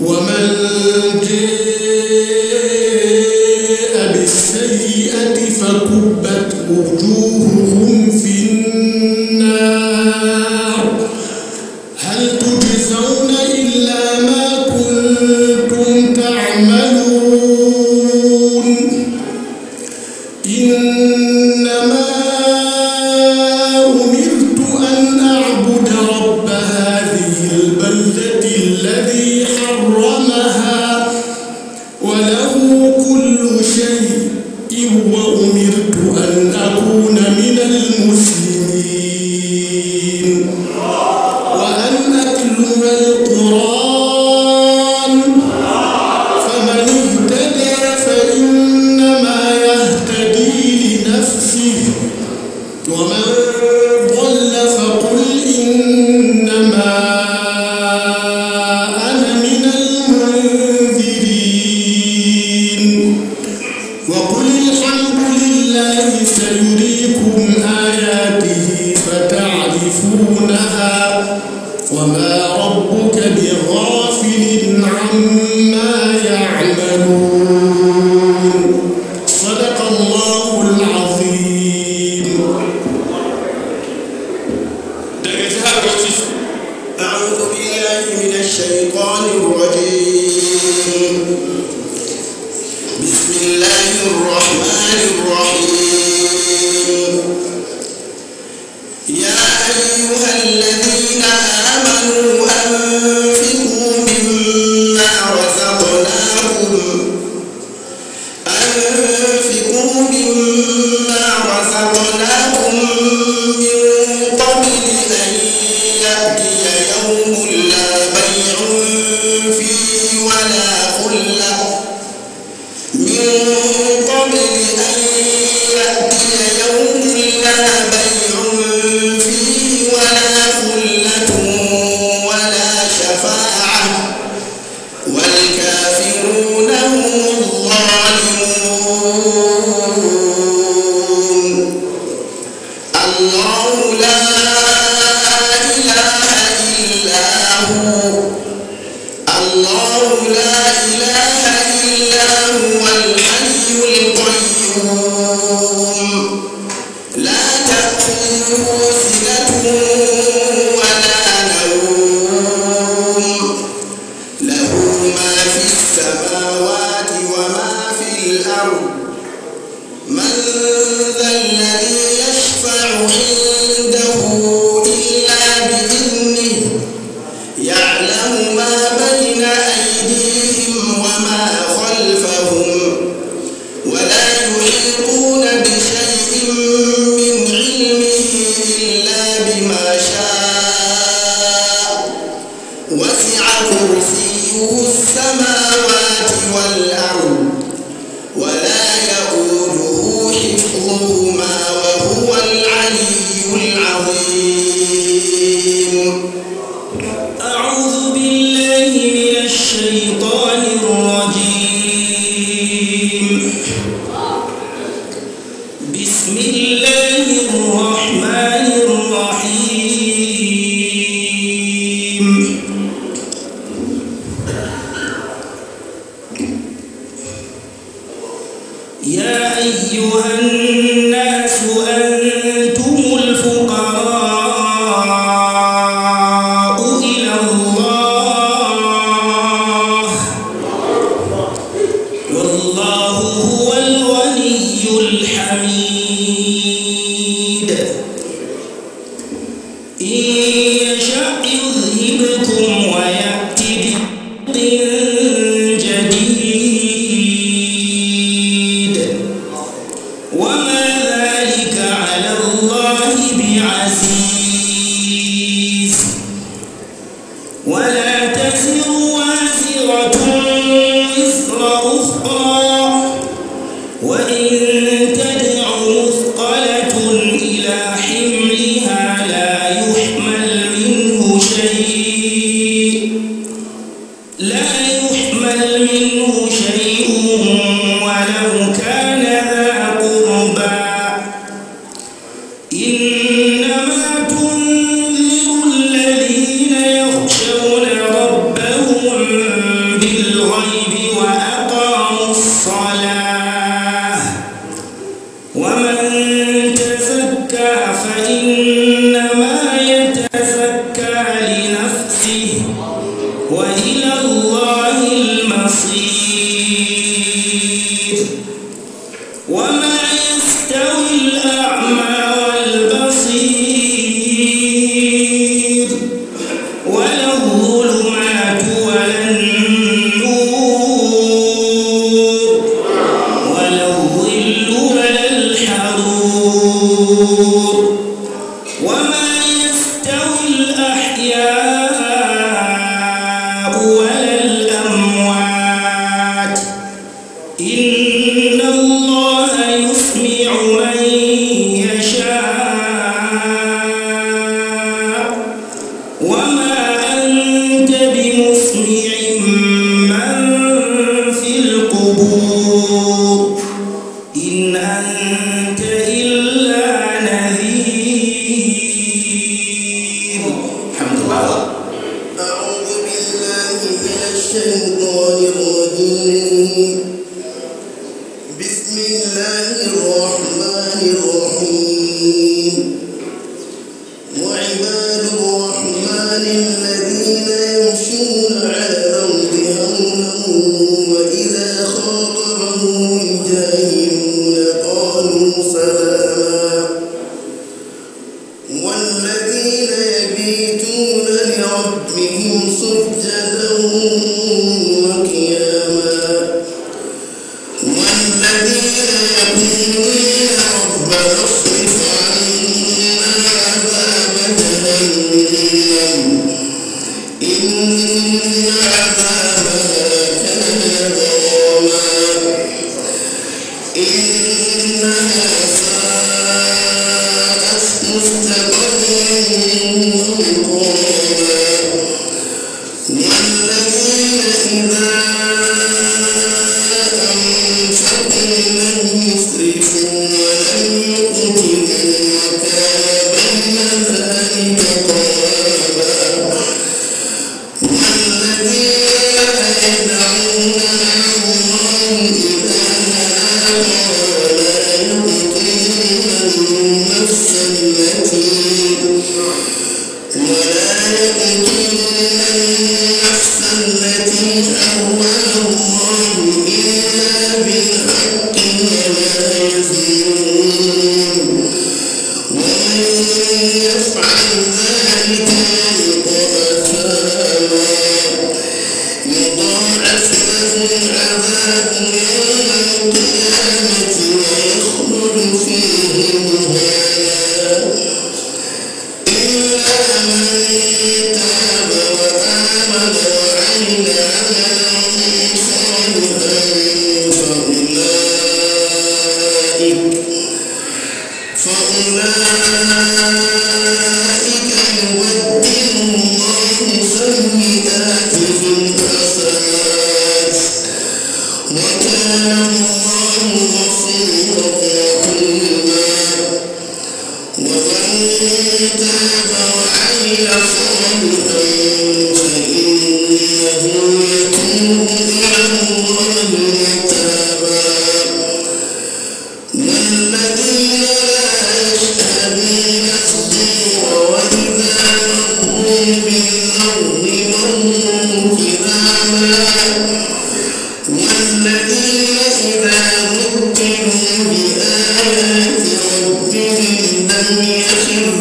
ومن جاء بالسيئة فكبت وجوههم سيريكم آياته فتعرفونها وما ربك بغافل عما يعملون صدق الله العظيم أعوذ بالله من الشيطان الرجيم بسم الله الرحمن الرحيم وسع كرسيه السماوات والأرض ولا يؤوده حفظهما وهو العلي العظيم أعوذ بالله من الشيطان الرجيم يا أيها الناس أنتم الفقراء للذين Yeah.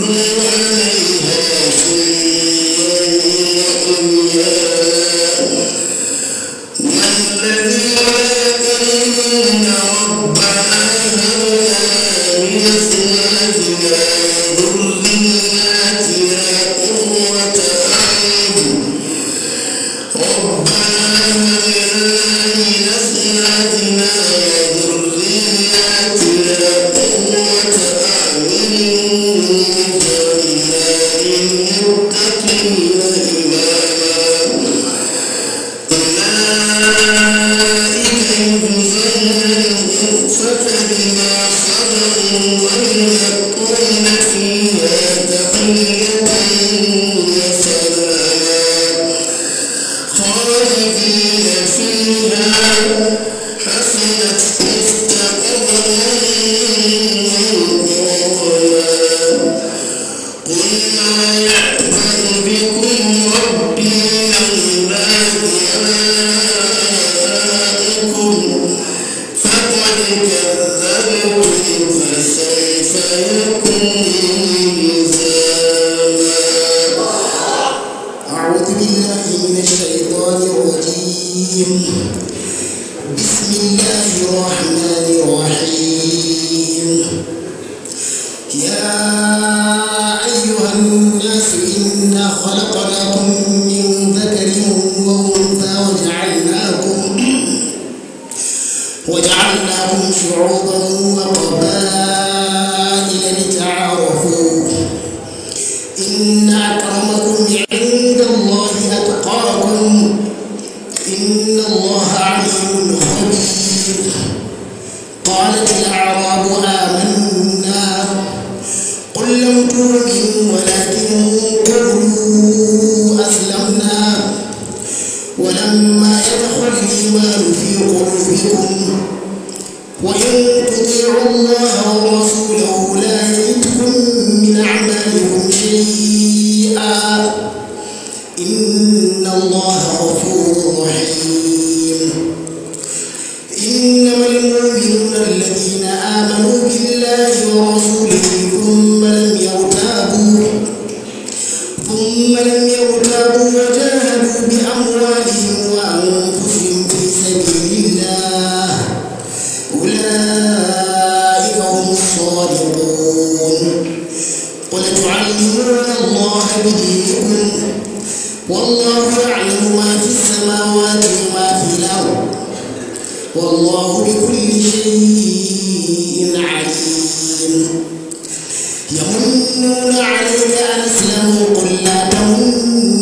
है بما صبروا ولهم فيها تحية جعلناكم شعوبا وقبائل لتعارفوا إن أكرمكم عند الله أتقاكم إن الله وإن تطيعوا الله ورسوله لا يلدكم من أعمالكم شيئا إن الله الظالمون قل تعلمون الله بدينكم والله يعلم ما في السماوات وما في الأرض والله بكل شيء عليم يمنون عليك أن أسلموا قل لا تمنوا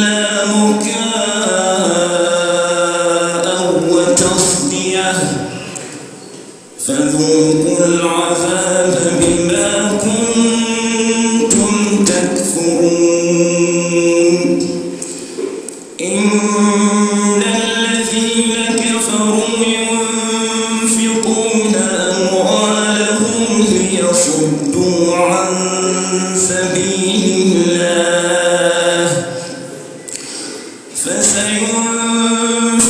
إلا Amen.